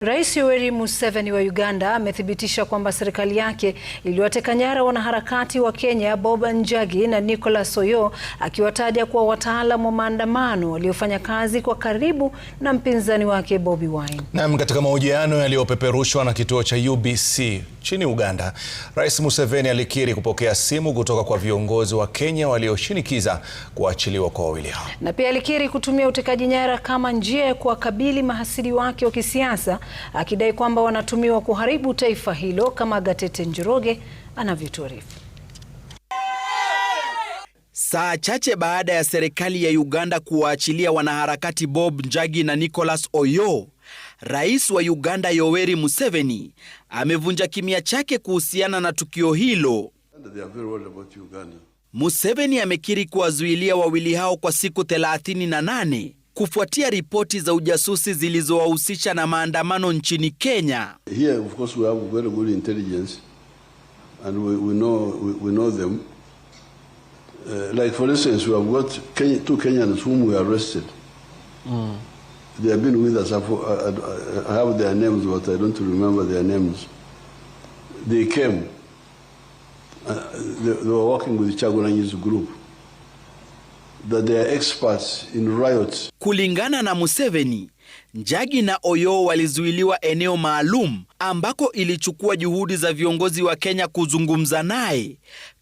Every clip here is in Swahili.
Rais Yoweri Museveni wa Uganda amethibitisha kwamba serikali yake iliwateka nyara wanaharakati wa Kenya Bob Njagi na Nicholas Oyoo akiwataja kuwa wataalam wa maandamano waliofanya kazi kwa karibu na mpinzani wake Bobi Wine. Naam, katika mahojiano yaliyopeperushwa na kituo cha UBC Nchini Uganda, Rais Museveni alikiri kupokea simu kutoka kwa viongozi wa Kenya walioshinikiza kuachiliwa kwa wawili hao. Na pia alikiri kutumia utekaji nyara kama njia ya kuwakabili mahasidi wake wa kisiasa, akidai kwamba wanatumiwa kuharibu taifa hilo kama Gatete Njoroge anavyotuarifu. Saa chache baada ya serikali ya Uganda kuwaachilia wanaharakati Bob Njagi na Nicholas Oyo, Rais wa Uganda Yoweri Museveni amevunja kimya chake kuhusiana na tukio hilo. Museveni amekiri kuwazuilia wawili hao kwa siku 38 kufuatia ripoti za ujasusi zilizowahusisha na maandamano nchini Kenya. Here, uh, like for instance, we have got Kenya, two Kenyans whom we arrested. Mm. They have been with us. I I, I have their names, but I don't remember their names. They came. Uh, they, they, were working with Chagulanyi's group. That they are experts in riots. Kulingana na Museveni, Njagi na Oyo walizuiliwa eneo maalum ambako ilichukua juhudi za viongozi wa Kenya kuzungumza naye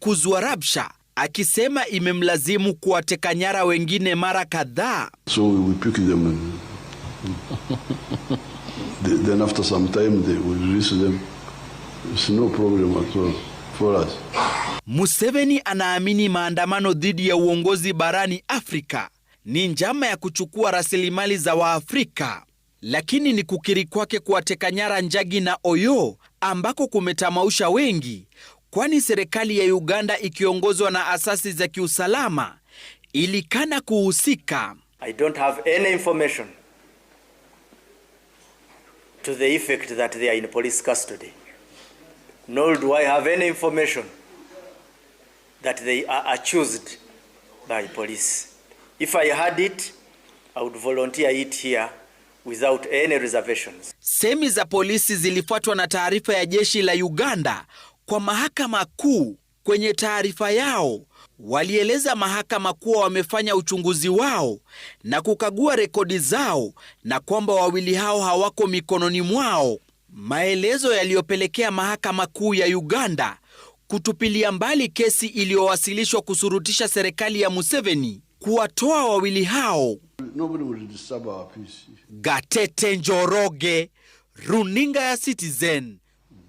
kuzua rabsha, akisema imemlazimu kuwateka nyara wengine mara kadhaa. So no Museveni anaamini maandamano dhidi ya uongozi barani Afrika ni njama ya kuchukua rasilimali za Waafrika, lakini ni kukiri kwake kuwateka nyara Njagi na Oyo ambako kumetamausha wengi kwani serikali ya Uganda ikiongozwa na asasi za kiusalama ilikana kuhusika. I don't have any information to the effect that they are in police custody. Nor do I have any information that they are accused by police. If I had it, I would volunteer it here without any reservations. Semi za polisi zilifuatwa na taarifa ya jeshi la Uganda kwa mahakama kuu. Kwenye taarifa yao walieleza mahakama kuwa wamefanya uchunguzi wao na kukagua rekodi zao na kwamba wawili hao hawako mikononi mwao, maelezo yaliyopelekea mahakama kuu ya Uganda kutupilia mbali kesi iliyowasilishwa kusurutisha serikali ya Museveni kuwatoa wawili hao. Gatete Njoroge, runinga ya Citizen.